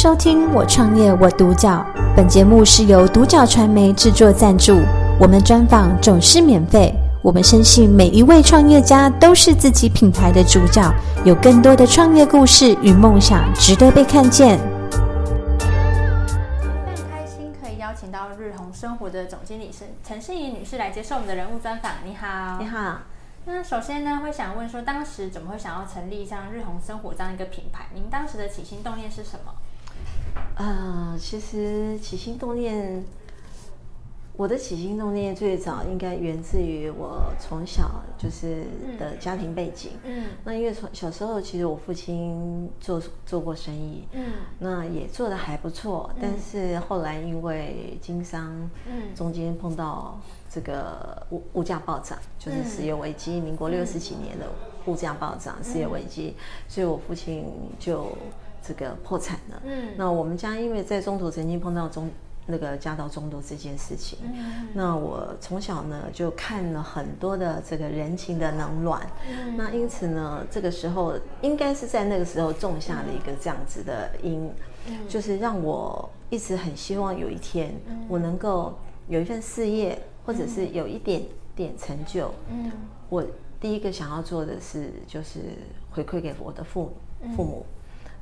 收聽我創業我獨角，本節目是由獨角傳媒制作贊助。我們專訪總是免費，我們深信每一位創業家都是自己品牌的主角，有更多的創業故事與夢想值得被看見。非常開心可以邀請到日紅生活的總經理是陳幸吟女士來接受我們的人物專訪。你好，你好。那首先呢，會想問說，當時怎麼會想要成立像日紅生活這樣一個品牌？您當時的起心動念是什麼？呃，其實起心動念，我的起心動念最早應該源自於我從小就是的家庭背景。嗯，嗯，那因為從小時候，其實我父親做做過生意，嗯，那也做得還不錯。嗯、但是後來因為經商，嗯，中間碰到這個物物價暴漲，就是石油危機，嗯、民國六十幾年的物價暴漲、石油、嗯、危機，所以我父親就。這個破產了，嗯，那我們家因為在中途曾經碰到中那個家道中落這件事情，嗯，那我從小呢就看了很多的這個人情的冷暖，嗯，那因此呢，這個時候應該是在那個時候種下了一個這樣子的因，嗯，就是讓我一直很希望有一天我能夠有一份事業，或者是有一點點成就，嗯，我第一個想要做的是就是回饋給我的父母，嗯，父母。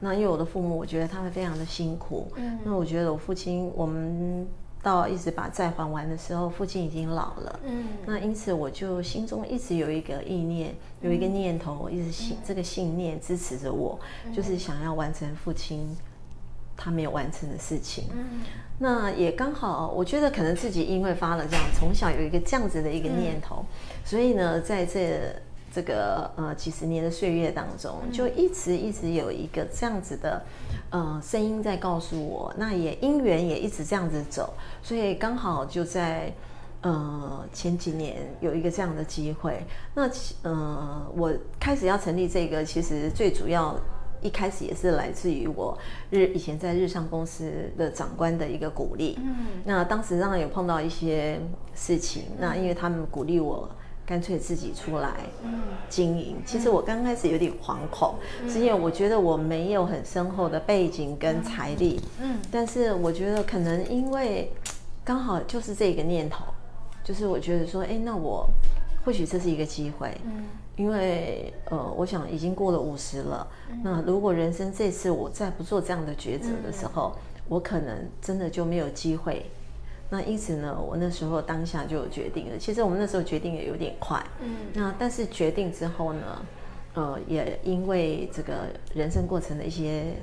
那因為我的父母，我覺得他們非常的辛苦。嗯，那我覺得我父親，我們到一直把債還完的時候，父親已經老了。嗯，那因此我就心中一直有一個意念，有一個念頭，嗯、一直信、嗯、這個信念支持着我，就是想要完成父親他沒有完成的事情。嗯，那也剛好，我覺得可能自己因為發了這樣，從小有一個這樣子的一個念頭，嗯、所以呢，在這。這個呃幾十年的歲月當中，就一直一直有一個這樣子的，呃聲音在告訴我，那也因緣也一直這樣子走，所以剛好就在呃前幾年有一個這樣的機會，那呃我開始要成立這個，其實最主要一開始也是來自於我日以前在日商公司的長官的一個鼓勵，嗯，那當時當然有碰到一些事情，那因為他們鼓勵我。乾脆自己出來經營。嗯、其實我剛開始有點惶恐，嗯、是因為我覺得我沒有很深厚的背景跟財力。嗯，嗯但是我覺得可能因為剛好就是這個念頭，就是我覺得說，哎，那我或許這是一個機會。嗯、因為呃，我想已經過了五十了，嗯、那如果人生這次我再不做這樣的抉擇的時候，嗯、我可能真的就沒有機會。那因此呢，我那時候當下就有決定了。其實我們那時候決定也有點快，嗯。那但是決定之後呢，呃，也因為這個人生過程的一些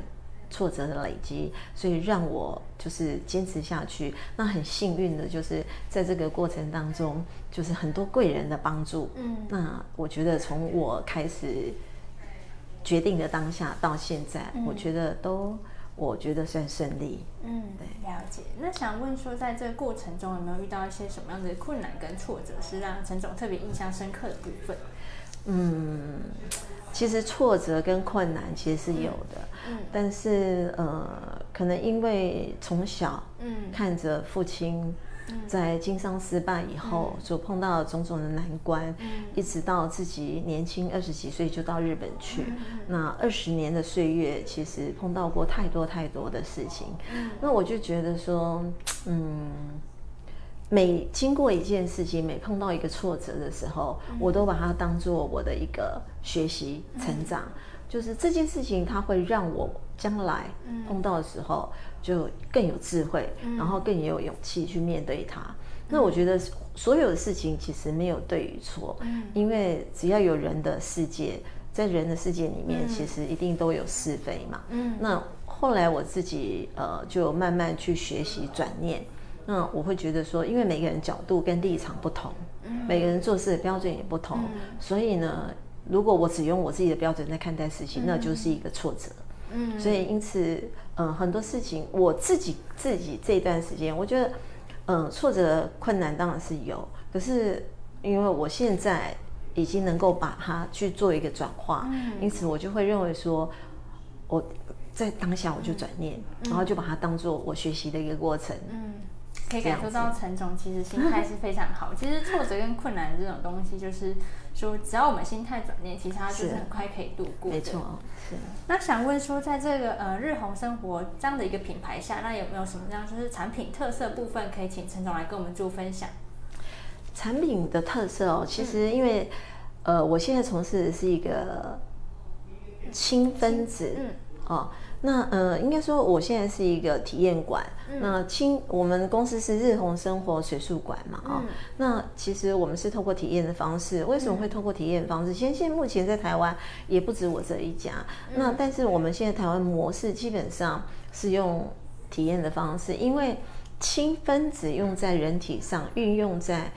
挫折的累積，所以讓我就是堅持下去。那很幸運的就是在這個過程當中，就是很多貴人的幫助，嗯。那我覺得從我開始決定的當下到現在，嗯。我覺得都。我覺得算順利，嗯，對，了解。那想問說，在這個過程中有沒有遇到一些什麼樣的困難跟挫折，是讓陳總特別印象深刻的部分？嗯，其實挫折跟困難其實是有的，嗯嗯，但是呃，可能因為從小看著父親，嗯，看着父親。在經商失敗以後，就碰到種種的難關，嗯、一直到自己年輕二十幾歲就到日本去，嗯、那二十年的歲月，其實碰到過太多太多的事情。嗯、那我就覺得說，嗯，每經過一件事情，每碰到一個挫折的時候，我都把它當作我的一個學習成長。嗯嗯就是這件事情，它會讓我將來碰到的時候就更有智慧，嗯、然後更有勇氣去面對它。嗯、那我覺得所有的事情其實沒有對與錯，嗯、因為只要有人的世界，在人的世界裡面，其實一定都有是非嘛。嗯、那後來我自己呃，就慢慢去學習轉念。嗯、那我會覺得說，因為每個人角度跟立場不同，嗯、每個人做事的標準也不同，嗯、所以呢。如果我只用我自己的標準在看待事情，嗯、那就是一個挫折。嗯，所以因此，嗯、呃，很多事情我自己自己這一段時間，我覺得，嗯、呃，挫折困難當然是有，可是因為我現在已經能夠把它去做一個轉化，嗯、因此我就會認為說，我在當下我就轉念，嗯、然後就把它當做我學習的一個過程，嗯。可以感受到陳總其實心態是非常好。嗯、其實挫折跟困難這種東西，就是，就是說只要我們心態轉念，其實他就是很快可以度過。是對沒錯，哦，是。那想問說，在這個呃日紅生活這樣的一個品牌下，那有沒有什麼這樣就是產品特色部分，可以請陳總來跟我們做分享？產品的特色哦，其實因為，嗯、呃，我現在從事的是一個氫分子，嗯哦。那呃，應該說我現在是一個體驗館。嗯、那氫，我們公司是日紅生活水素館嘛？啊、嗯哦，那其實我們是透過體驗的方式。為什麼會透過體驗的方式？先實、嗯、現在目前在台灣也不止我這一家。嗯、那但是我們現在台灣模式基本上是用體驗的方式，因為氫分子用在人體上，運、嗯、用在。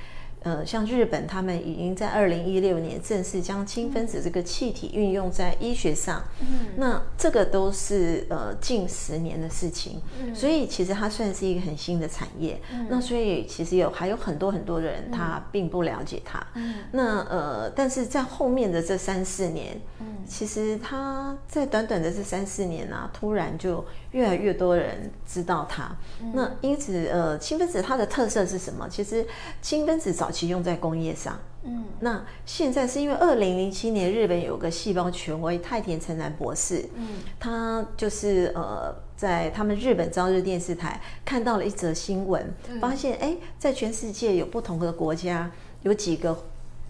呃，像日本，他們已經在二零一六年正式將氫分子這個氣體運用在醫學上，嗯、那這個都是呃近十年的事情，嗯、所以其實它算是一個很新的產業。嗯、那所以其實有還有很多很多的人他並不了解它。嗯，那呃，但是在後面的這三四年，嗯，其實它在短短的這三四年呢、啊，突然就越來越多人知道它。嗯、那因此，呃，氫分子它的特色是什麼？其實氫分子早就其用在工業上，嗯，那現在是因為二零零七年日本有個細胞權威太田成男博士，嗯，他就是呃，在他們日本朝日電視台看到了一則新聞，發現誒、嗯欸，在全世界有不同的國家，有幾個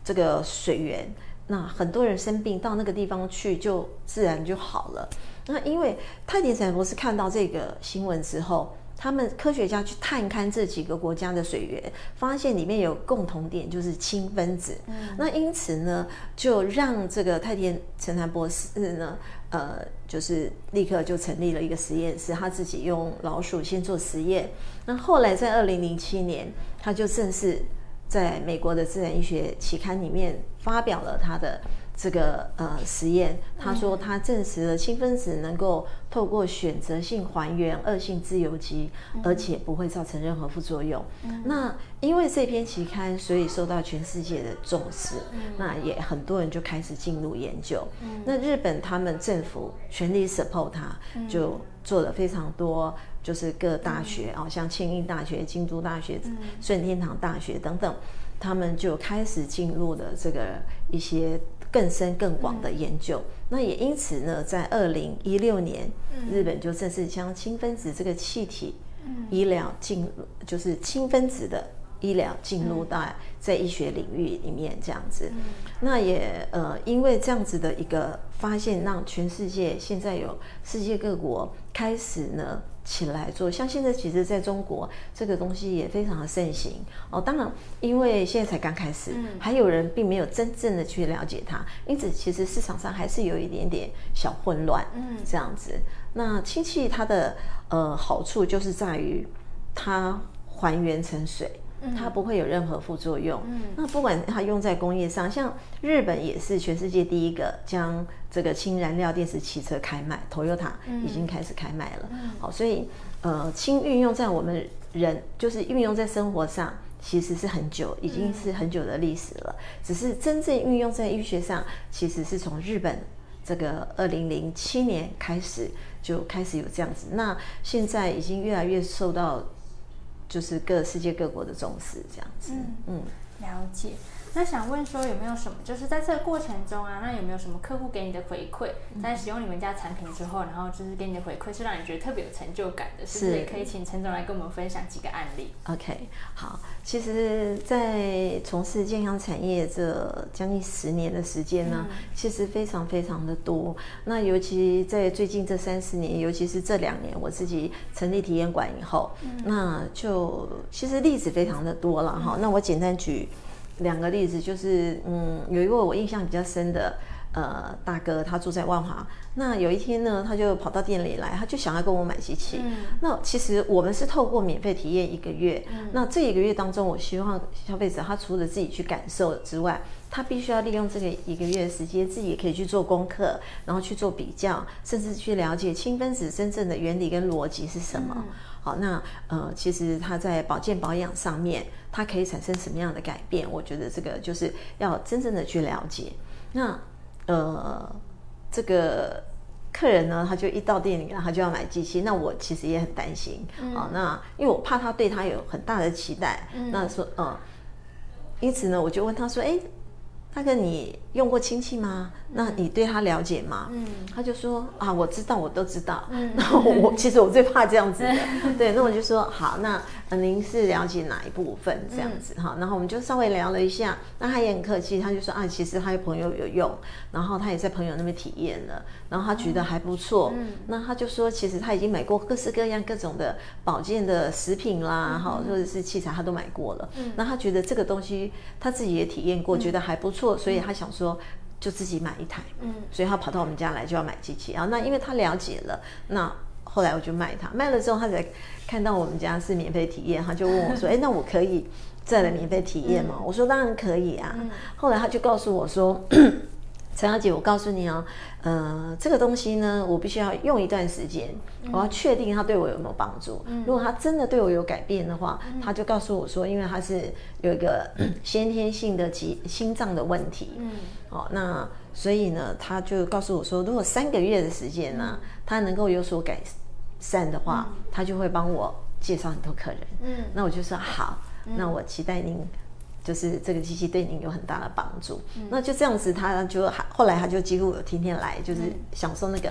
這個水源，那很多人生病到那個地方去就自然就好了。那因為太田成男博士看到這個新聞之後。他們科學家去探勘這幾個國家的水源，發現裡面有共同點，就是氫分子。嗯、那因此呢，就讓這個太田成男博士呢，呃，就是立刻就成立了一個實驗室，他自己用老鼠先做實驗。那後來在二零零七年，他就正式在美國的《自然醫學》期刊裡面發表了他的。這個呃實驗，他說他證實了氫分子能夠透過選擇性還原惡、嗯、性自由基，而且不會造成任何副作用。嗯、那因為這篇期刊，所以受到全世界的重視。嗯、那也很多人就開始進入研究。嗯、那日本他們政府全力 support 它，嗯、就做了非常多，就是各大學啊，嗯、像慶應大學、京都大學、嗯、順天堂大學等等，他們就開始進入了這個一些。更深更廣的研究，嗯、那也因此呢，在二零一六年，嗯、日本就正式將氫分子這個氣體醫療進入，嗯、就是氫分子的醫療進入到在醫學領域裡面這樣子。嗯、那也呃，因為這樣子的一個發現，嗯、讓全世界現在有世界各國開始呢。起來做，像現在其實，在中國這個東西也非常的盛行哦。當然，因為現在才剛開始，嗯、還有人並沒有真正的去了解它，因此其實市場上還是有一點點小混亂。嗯，這樣子，那氫氣它的呃好處就是在於它還原成水。它不會有任何副作用。嗯、那不管它用在工業上，嗯、像日本也是全世界第一個將這個氫燃料電池汽車開賣，Toyota 已經開始開賣了。嗯嗯、好，所以呃，氫運用在我們人就是運用在生活上，其實是很久，已經是很久的歷史了。嗯、只是真正運用在醫學上，其實是從日本這個二零零七年開始就開始有這樣子。那現在已經越來越受到。就是各世界各國的重視，這樣子。嗯，嗯了解。那想問說有沒有什麼，就是在這個過程中啊，那有沒有什麼客戶給你的回饋？在使用你們家產品之後，然後就是給你的回饋，是讓你覺得特別有成就感的，是不是？可以請陳總來跟我們分享幾個案例。OK，好，其實，在從事健康產業這將近十年的時間呢，嗯、其實非常非常的多。那尤其在最近這三十年，尤其是這兩年，我自己成立體驗館以後，嗯、那就其實例子非常的多了哈、嗯。那我簡單舉。兩個例子就是，嗯，有一位我印象比較深的，呃，大哥，他住在萬華。那有一天呢，他就跑到店裡來，他就想要跟我買機器。嗯、那其實我們是透過免費體驗一個月，嗯、那這一個月當中，我希望消費者他除了自己去感受之外，他必須要利用這個一個月的時間，自己也可以去做功課，然後去做比較，甚至去了解氫分子真正的原理跟邏輯是什麼。嗯好，那呃，其實他在保健保養上面，他可以產生什麼樣的改變？我覺得這個就是要真正的去了解。那呃，這個客人呢，他就一到店裡，他就要買機器。那我其實也很擔心。嗯、好，那因為我怕他對他有很大的期待。嗯、那說，嗯、呃，因此呢，我就問他說：“哎，大哥，你？”用過親戚嗎？那你對他了解嗎？嗯，他就說啊，我知道，我都知道。嗯，那我其實我最怕這樣子的，嗯、對。那我就說好，那您是了解哪一部分，嗯、這樣子哈？然後我們就稍微聊了一下。那他也很客氣，他就說啊，其實他有朋友有用，然後他也在朋友那邊體驗了，然後他覺得還不錯。哦、嗯，那他就說，其實他已經買過各式各樣各種的保健的食品啦，哈、嗯，或者是器材，他都買過了。嗯，那他覺得這個東西他自己也體驗過，嗯、覺得還不錯，所以他想說。說就自己買一台，嗯，所以他跑到我們家來就要買機器啊。那因為他了解了，那後來我就賣他，賣了之後他才看到我們家是免費體驗，他就問我說：“哎， 那我可以再來免費體驗嗎？”嗯、我說：“當然可以啊。嗯”後來他就告訴我說。 陳小姐，我告訴你啊，嗯、呃，這個東西呢，我必須要用一段時間，嗯、我要確定它對我有沒有幫助。嗯、如果他真的對我有改變的話，他、嗯、就告訴我說，因為他是有一個先天性的幾心臟的問題，嗯，哦，那所以呢，他就告訴我說，如果三個月的時間呢，他能夠有所改善的話，他、嗯、就會幫我介紹很多客人。嗯，那我就說好，嗯、那我期待您。就是這個機器對您有很大的幫助，嗯、那就這樣子，他就還後來他就幾乎有天天來，就是享受那個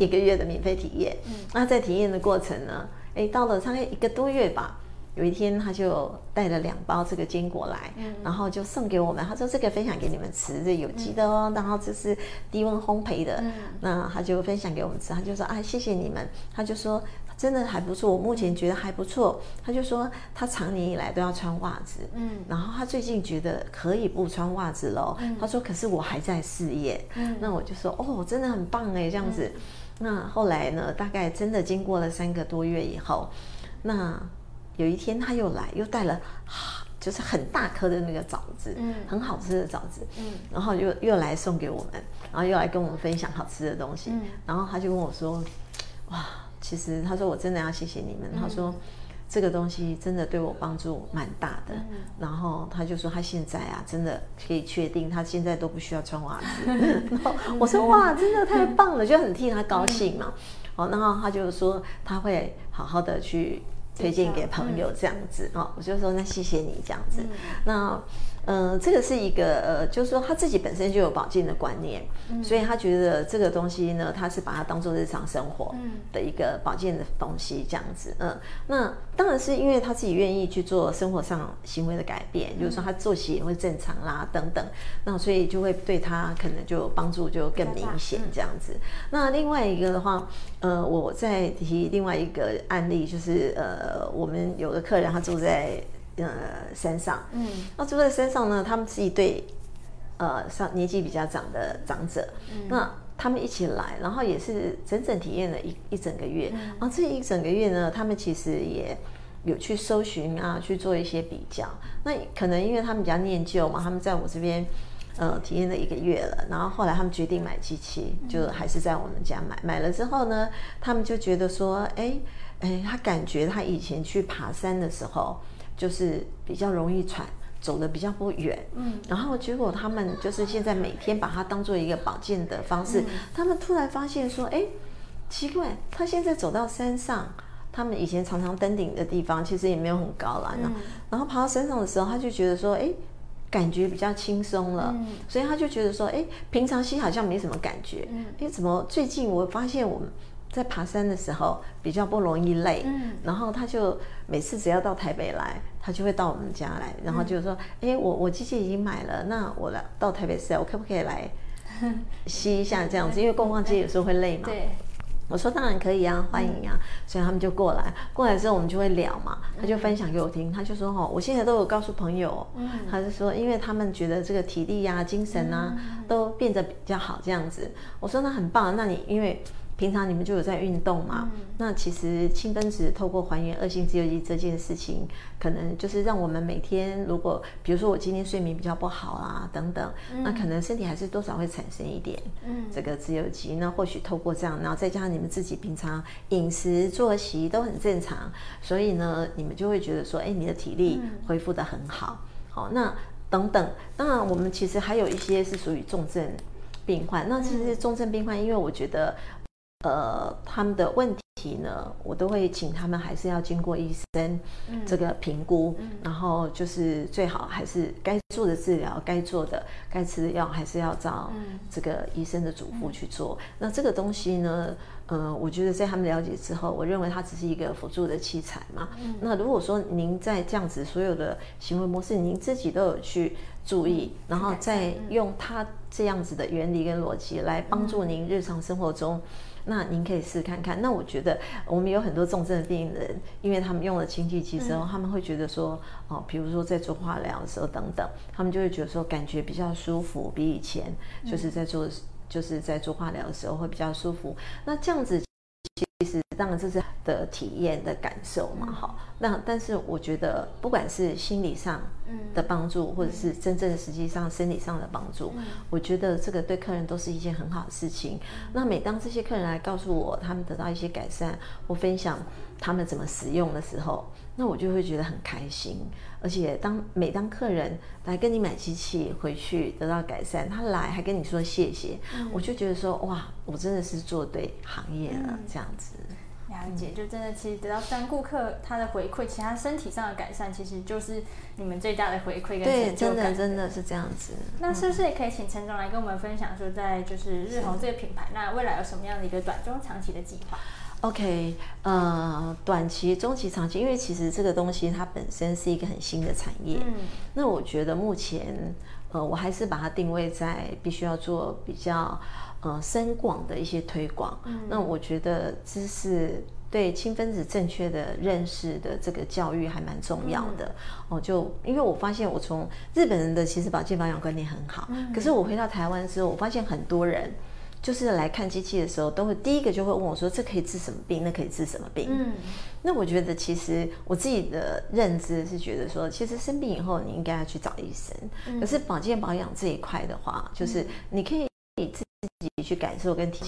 一個月的免費體驗。嗯嗯、那在體驗的過程呢，誒到了差不多一個多月吧，有一天他就帶了兩包這個堅果來，嗯、然後就送給我們。他說這個分享給你們吃，這有機的哦，嗯、然後這是低溫烘焙的，嗯、那他就分享給我們吃。他就說啊，謝謝你們，他就說。真的還不錯，我目前覺得還不錯。他就說他長年以來都要穿襪子，嗯，然後他最近覺得可以不穿襪子了。嗯、他說：“可是我還在事業”嗯，那我就說：“哦，真的很棒哎，這樣子。嗯”那後來呢？大概真的經過了三個多月以後，那有一天他又來，又帶了、啊、就是很大顆的那個棗子，嗯，很好吃的棗子，嗯，然後又又來送給我們，然後又來跟我們分享好吃的東西，嗯、然後他就跟我說：“哇。”其實他說，我真的要謝謝你們。嗯、他說這個東西真的對我幫助蠻大的，嗯、然後他就說他現在啊真的可以確定他現在都不需要穿襪子，嗯、然後我說、嗯、哇真的太棒了，嗯、就很替他高興嘛。好、嗯，然後他就說他會好好的去推薦給朋友這樣子，好、嗯，我就說那謝謝你這樣子，嗯、那。嗯、呃，這個是一個呃，就是說他自己本身就有保健的觀念，嗯、所以他覺得這個東西呢，他是把它當做日常生活的一個保健的東西這樣子。嗯、呃，那當然是因為他自己願意去做生活上行為的改變，嗯、就是說他作息也會正常啦，等等，那所以就會對他可能就幫助就更明顯這樣子。嗯、那另外一個的話，呃，我再提另外一個案例，就是呃，我們有個客人他住在。呃，山上，嗯，那住在山上呢，他們是一對，呃，上年紀比較長的長者，嗯，那他們一起來，然後也是整整體驗了一一整個月，嗯，然後這一整個月呢，他們其實也有去搜尋啊，去做一些比較，那可能因為他們比較念舊嘛，他們在我這邊，呃，體驗了一個月了，然後後來他們決定買機器，就還是在我們家買，嗯，買了之後呢，他們就覺得說，哎，哎，他感覺他以前去爬山的時候。就是比較容易喘，走得比較不遠。嗯，然後結果他們就是現在每天把它當做一個保健的方式。嗯。他們突然發現說，哎，奇怪，他現在走到山上，他們以前常常登頂的地方其實也沒有很高啦。嗯。然後爬到山上的時候，他就覺得說，哎，感覺比較輕鬆了。嗯。所以他就覺得說，哎，平常心好像沒什麼感覺。嗯。哎，怎麼最近我發現我們……在爬山的時候比較不容易累，嗯，然後他就每次只要到台北來，他就會到我們家來，然後就是說，哎、嗯欸，我我機器已經買了，那我來到台北市，我可不可以來吸一下呵呵這樣子？因為逛逛街有時候會累嘛，對，對對，我說當然可以啊，歡迎啊，嗯、所以他們就過來，過來之後我們就會聊嘛，他就分享給我聽，他就說哦，我現在都有告訴朋友，嗯，他就說，因為他們覺得這個體力啊、精神啊都變得比較好這樣子，我說那很棒，那你因為。平常你們就有在運動嘛？嗯、那其實氫分子透過還原惡性自由基這件事情，可能就是讓我們每天，如果比如說我今天睡眠比較不好啊，等等，嗯、那可能身體還是多少會產生一點這個自由基。嗯、那或許透過這樣，然後再加上你們自己平常飲食作息都很正常，所以呢，你們就會覺得說，哎，你的體力恢復得很好。嗯、好，那等等，那我們其實還有一些是屬於重症病患。嗯、那其實重症病患，因為我覺得。呃，他們的問題呢，我都會請他們還是要經過醫生這個評估，嗯、然後就是最好還是該做的治療、該做的、該吃的藥，還是要照這個醫生的囑咐去做。嗯、那這個東西呢，呃，我覺得在他們了解之後，我認為它只是一個輔助的器材嘛。嗯、那如果說您在這樣子所有的行為模式，您自己都有去注意，嗯、然後再用它這樣子的原理跟邏輯來幫助您日常生活中。嗯嗯那您可以試看看。那我覺得我們有很多重症的病人，因為他們用了氫氣機之後，嗯、他們會覺得說，哦，比如說在做化療的時候等等，他們就會覺得說感覺比較舒服，比以前就是在做、嗯、就是在做化療的時候會比較舒服。那這樣子。其實，當然這是的體驗的感受嘛，好。嗯、那但是我覺得，不管是心理上的幫助，嗯、或者是真正的實際上生理上的幫助，嗯、我覺得這個對客人都是一件很好的事情。嗯、那每當這些客人來告訴我他們得到一些改善，我分享他們怎麼使用的時候，那我就會覺得很開心。而且當每當客人來跟你買機器回去得到改善，他來還跟你說謝謝，嗯、我就覺得說哇。我真的是做對行業了，嗯、這樣子。了解，就真的其實得到三顧客他的回饋，嗯、其他身體上的改善，其實就是你們最大的回饋跟成就感，對。真的真的是這樣子。那是不是也可以請陳總來跟我們分享，說在就是日紅這個品牌，是那未來有什麼樣的一個短中長期的計劃？OK，呃，短期、中期、長期，因為其實這個東西它本身是一個很新的產業。嗯，那我覺得目前。呃，我還是把它定位在必須要做比較，呃，深廣的一些推廣。嗯、那我覺得知識對氫分子正確的認識的這個教育還蠻重要的、嗯、哦。就因為我發現，我從日本人的其實保健保養觀念很好，嗯、可是我回到台灣之後，我發現很多人。就是來看機器的時候，都會第一個就會問我說：“這可以治什麼病？那可以治什麼病？”嗯，那我覺得其實我自己的認知是覺得說，其實生病以後你應該要去找醫生。嗯，可是保健保養這一塊的話，就是你可以自己去感受跟體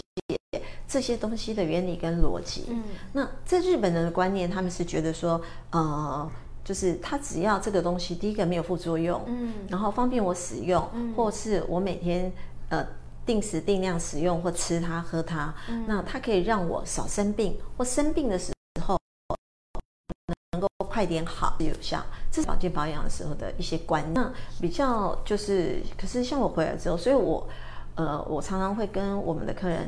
驗這些東西的原理跟邏輯。嗯，那在日本人的觀念，他們是覺得說，呃，就是他只要這個東西，第一個沒有副作用，嗯，然後方便我使用，嗯，或是我每天呃。定時定量使用或吃它、喝它，嗯、那它可以讓我少生病，或生病的時候能夠快點好，有效。這是保健保養的時候的一些觀念，那比較就是，可是像我回來之後，所以我，呃，我常常會跟我們的客人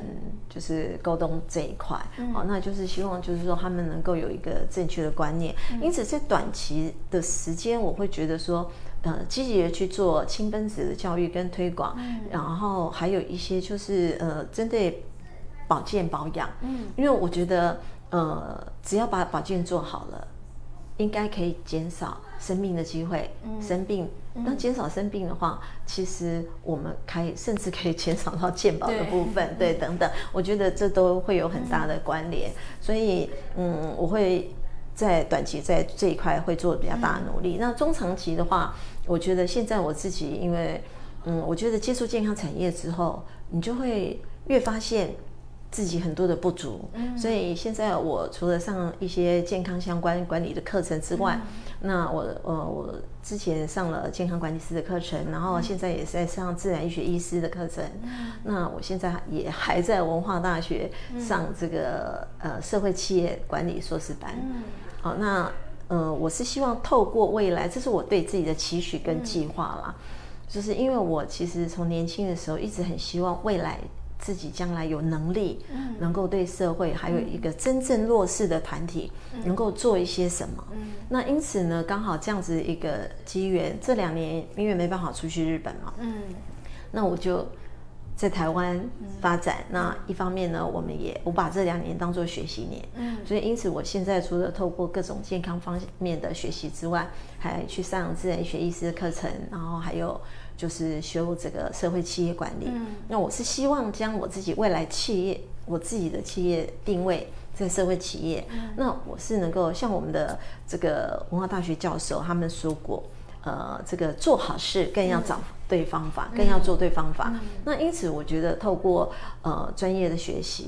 就是溝通這一塊，好、嗯哦，那就是希望就是說他們能夠有一個正確的觀念。嗯、因此，在短期的時間，我會覺得說。呃，積極的去做氫分子的教育跟推廣，嗯、然後還有一些就是呃，針對保健保養。嗯，因為我覺得呃，只要把保健做好了，應該可以減少生病的機會。嗯、生病，當減少生病的話，嗯、其實我們可以甚至可以減少到健保的部分，對，嗯、對，等等，我覺得這都會有很大的關聯。嗯、所以，嗯，我會。在短期，在這一塊會做比較大的努力。嗯、那中長期的話，我覺得現在我自己，因為，嗯，我覺得接觸健康產業之後，你就會越發現。自己很多的不足，所以現在我除了上一些健康相關管理的課程之外，嗯、那我呃我，我之前上了健康管理師的課程，嗯、然後現在也在上自然醫學醫師的課程。嗯、那我現在也還在文化大學上這個、嗯、呃社會企業管理碩士班。嗯、好，那呃我是希望透過未來，這是我對自己的期許跟計劃啦。嗯、就是因為我其實從年輕的時候一直很希望未來。自己將來有能力，能夠對社會還有一個真正弱勢的團體，能夠做一些什麼？那因此呢，剛好這樣子一個機緣，這兩年因為沒辦法出去日本嘛，嗯，那我就在台灣發展。那一方面呢，我們也我把這兩年當作學習年，嗯，所以因此我現在除了透過各種健康方面的學習之外，還去上自然醫學醫師的課程，然後還有。就是修這個社會企業管理。嗯，那我是希望將我自己未來企業，我自己的企業定位在社會企業。嗯，那我是能夠像我們的這個文化大學教授他們說過，呃，這個做好事更要找對方法，嗯、更要做對方法。嗯、那因此，我覺得透過呃專業的學習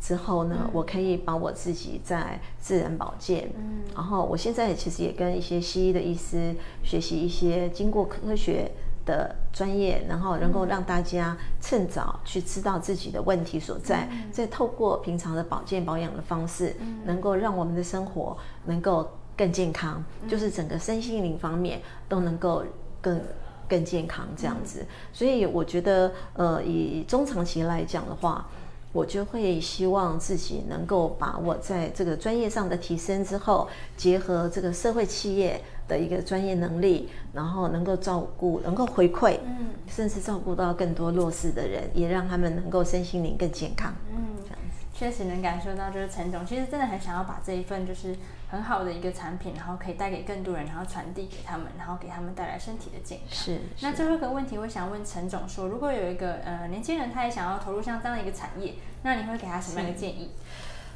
之後呢，嗯、我可以把我自己在自然保健，嗯，然後我現在其實也跟一些西醫的醫師學習一些經過科學的專業，然後能夠讓大家趁早去知道自己的問題所在，嗯、再透過平常的保健保養的方式，嗯、能夠讓我們的生活能夠更健康，嗯、就是整個身心靈方面都能夠更更健康這樣子。所以我覺得，呃，以中長期來講的話，我就會希望自己能夠把我在這個專業上的提升之後，結合這個社會企業，的一個專業能力，然後能夠照顧，能夠回饋，嗯，甚至照顧到更多弱勢的人，也讓他們能夠身心靈更健康。嗯，這樣子確實能感受到，就是陳總其實真的很想要把這一份就是很好的一個產品，然後可以帶給更多人，然後傳遞給他們，然後給他們帶來身體的健康。是。是。那最後一個問題，我想問陳總說，如果有一個呃年輕人，他也想要投入像這樣的一個產業，那你會給他什麼樣的建議？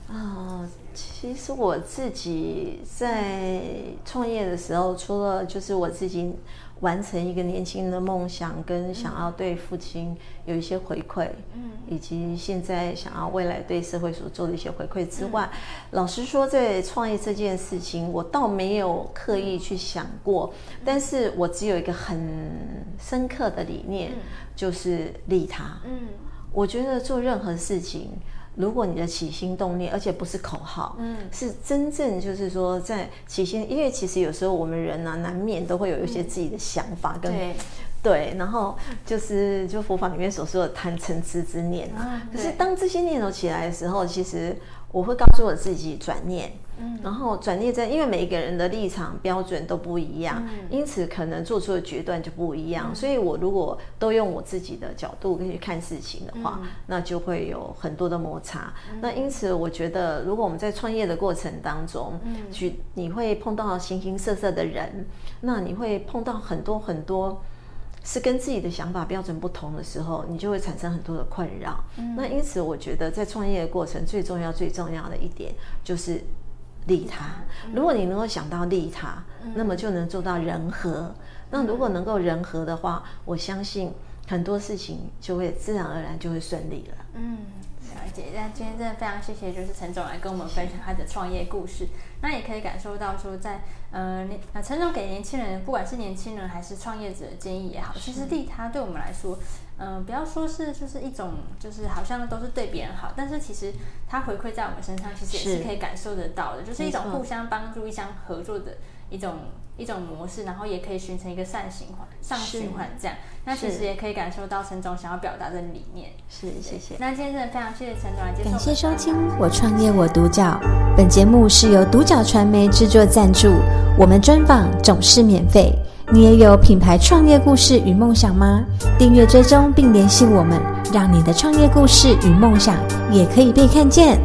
啊，其實我自己在創業的時候，除了就是我自己完成一個年輕人的夢想，跟想要對父親有一些回饋，嗯，以及現在想要未來對社會所做的一些回饋之外，老實說，在創業這件事情，我倒沒有刻意去想過，但是我只有一個很深刻的理念，就是利他。嗯，我覺得做任何事情。如果你的起心動念，而且不是口號，嗯，是真正就是說在起心，因為其實有時候我們人呢、啊，難免都會有一些自己的想法跟、嗯、對，對，然後就是就佛法裡面所說的貪嗔痴之念啊，啊，可是當這些念頭起來的時候，其實。我會告訴我自己轉念，嗯、然後轉念在因為每一個人的立場標準都不一樣，嗯、因此可能做出的決斷就不一樣。嗯、所以我如果都用我自己的角度跟去看事情的話，嗯、那就會有很多的摩擦。嗯、那因此，我覺得如果我們在創業的過程當中，嗯、去你會碰到形形色色的人，那你會碰到很多很多。是跟自己的想法標準不同的時候，你就會產生很多的困擾。嗯。那因此，我覺得在創業的過程最重要、最重要的一點就是利他。利他，嗯。如果你能夠想到利他，嗯。那麼就能做到人和。嗯。那如果能夠人和的話，我相信很多事情就會自然而然就會順利了。嗯。但今天真的非常謝謝，就是陳總來跟我們分享他的創業故事。是那也可以感受到說在，在呃，陳總給年輕人，不管是年輕人還是創業者的建議也好，是其實利他對我們來說，嗯、呃，不要說是就是一種，就是好像都是對別人好，但是其實他回饋在我們身上，其實也是可以感受得到的，是就是一種互相幫助、互相合作的一種。一種模式，然後也可以形成一個善循環、上循環這樣。是那其實也可以感受到陳總想要表達的理念。是，對是，謝謝。那今天真的非常謝謝陳總啊！來感謝收聽《我創業我獨角》謝謝本節目是由獨角傳媒制作贊助，我們專訪總是免費。你也有品牌創業故事與夢想嗎？訂閱追蹤並聯繫我們，讓你的創業故事與夢想也可以被看見。